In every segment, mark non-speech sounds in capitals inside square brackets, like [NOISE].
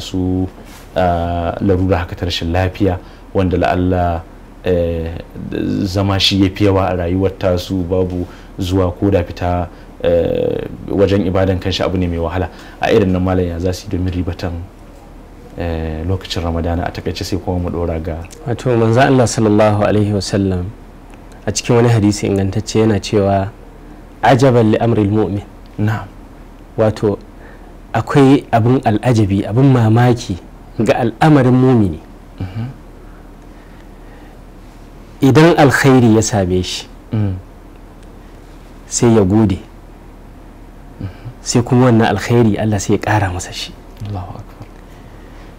masu larura haka ta rashin lafiya wanda la'alla e, zama shi ya fi yawa a rayuwar tasu babu zuwa ko da fita e, wajen ibadan kanshi abu ne mai wahala a irin nan malaya za su yi domin ribatan e, lokacin ramadana a takaice sai kuma mu dora ga wato manzo Allah sallallahu alaihi wasallam a cikin wani hadisi ingantacce yana cewa ajaban li amril mu'min na'am wato akwai abin al'ajabi abin mamaki ga al'amarin mumini idan alkhairi ya same shi sai ya gode sai kuma wannan alkhairi allah sai ya kara masa shi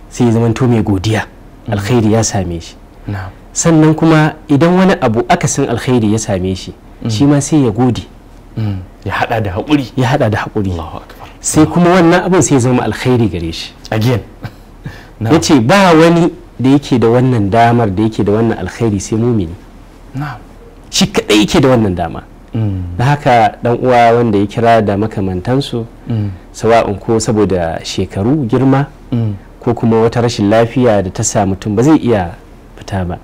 sai ya zamanto mai godiya alkhairi ya same shi sannan kuma idan wani abu akasin alkhairi ya same shi mm. shi ma sai ya gode mm. ya hada da haƙuri ya hada da haƙuri sai kuma wannan abin sai zama alkhairi gare shi again [LAUGHS] ya ce ba wani da yake da wannan damar da yake da wannan alkhairi sai mumini shi kadai yake da wannan dama mm. da haka dan uwa wanda ya kira da makamantansu mm. sawa'un ko saboda shekaru girma mm. ko kuma wata rashin lafiya da ta sa mutum ba zai iya fita ba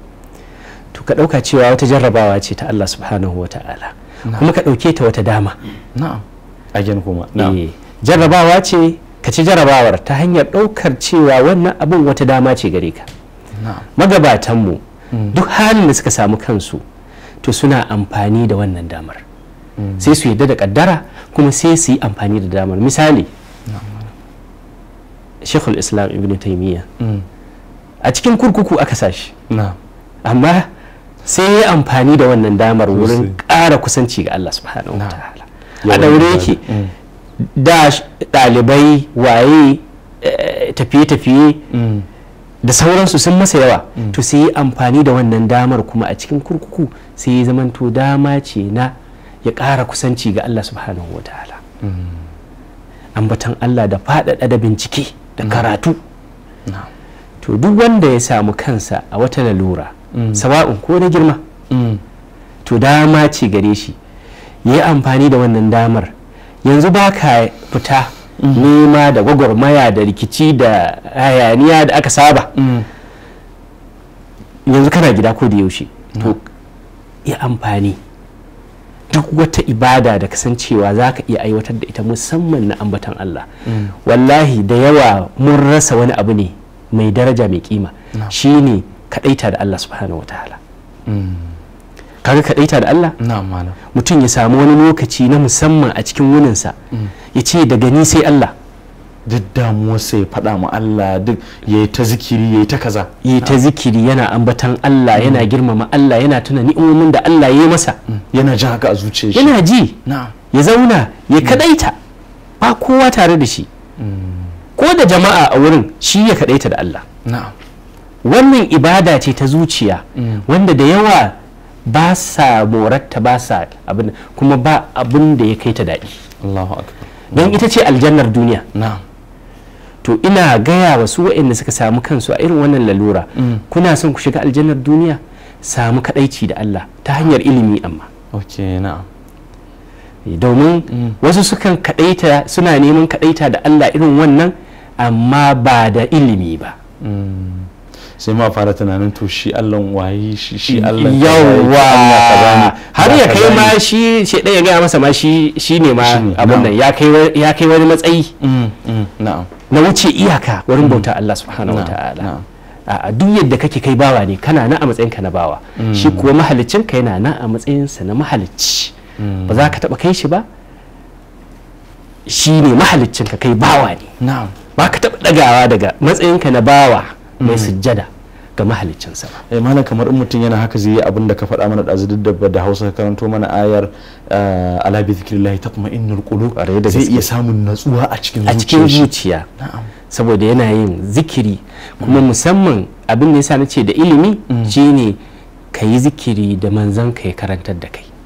to ka dauka cewa wata jarrabawa ce ta Allah subhanahu wa ta'ala kuma ka dauke ta wata dama na'am kuma na'am eh. jarrabawa ce ka ci jarrabawar ta hanyar ɗaukar cewa wannan abin wata dama ce gare ka magabatanmu mm. duk halin da suka samu kansu to suna amfani da wannan damar mm. sai su yadda da kaddara kuma sai su yi amfani da damar misali shekul islam ibn taimiyya mm. a cikin kurkuku aka sashi amma sai ya amfani da wannan damar wurin ƙara kusanci ga allah subhanahu wa ta'ala a daure yake da ɗalibai waye eh, tafiye-tafiye mm. da sauransu sun masa yawa mm. to sai yi amfani da wannan damar kuma a cikin kurkuku sai ya to dama ce na ya ƙara kusanci ga Allah subhanahu wa ta'ala mm. ambatan Allah da faɗaɗa da bincike da karatu to duk wanda ya samu kansa a wata lalura sawa'un ko na girma to dama ce gare shi ya yi amfani da wannan damar yanzu ba ka fita nema da gwagwarmaya da rikici da hayaniya da aka saba mm. yanzu kana gida ko da yaushe to ya amfani duk wata ibada da kasancewa za ka iya aiwatar da ita musamman na ambatan Allah mm. wallahi da yawa mun rasa wani abu ne mai daraja mai kima shine kaɗaita da Allah subhanahu wataala mm. kaga daita da Allah na'am malam mutum ya samu wani lokaci na musamman a cikin wunin sa mm. ya ce daga ni sai Allah duk damuwar sai faɗa ma Allah duk yayi ta zikiri yayi ta kaza yayi ta zikiri yana ambatan Allah mm. yana girmama Allah yana tuna ni'imomin da Allah ya yi masa mm. yana jin haka a zuciyar shi yana ji ya zauna ya kadaita ba kowa tare da shi ko da jama'a a wurin shi ya kadaita da Allah wannan ibada ce ta zuciya wanda da yawa ba sa moratta ba sa abin kuma ba abin da ya kai ta daɗi don ita ce aljannar duniya to ina gaya wa su waɗanda suka samu kansu a irin wannan lalura mm. kuna son ku shiga aljannar duniya samu kadaici da Allah ta hanyar ilimi amma eh, domin mm. wasu sukan kadaita suna neman kadaita da Allah irin wannan amma ba da ilimi ba mm. sai ma fara tunanin to shi Allah waye shi shi Allah yawa har ya kai ma shi shi ya gaya masa ma shi shi ne ma abin nan ya kai wani matsayi mm, mm, na wuce iyaka wurin mm. bauta Allah subhanahu wataala a duk yadda kake kai bawa ne kana na a matsayin ka na bawa shi kuwa mahalicin ka yana na a matsayin sa na mahalicci ba za ka taba kai shi ba shi ne mahalicin ka kai bawa ne ba ka taba dagawa daga matsayin ka na bawa mai hmm. sujjada ga mahaliccin sama. Eh malam kamar in mutum yana haka zai yi abin da ka faɗa mana ɗazu duk da Hausa ka karanto mana ayar eh, ala bi zikrillah tatma'innul qulub zai iya samun natsuwa a cikin zuciya. A cikin zuciya. Saboda yana yin zikiri kuma hmm. musamman abin da yasa nace da ilimi hmm. shine ka yi zikiri da manzon ka ya karantar da kai.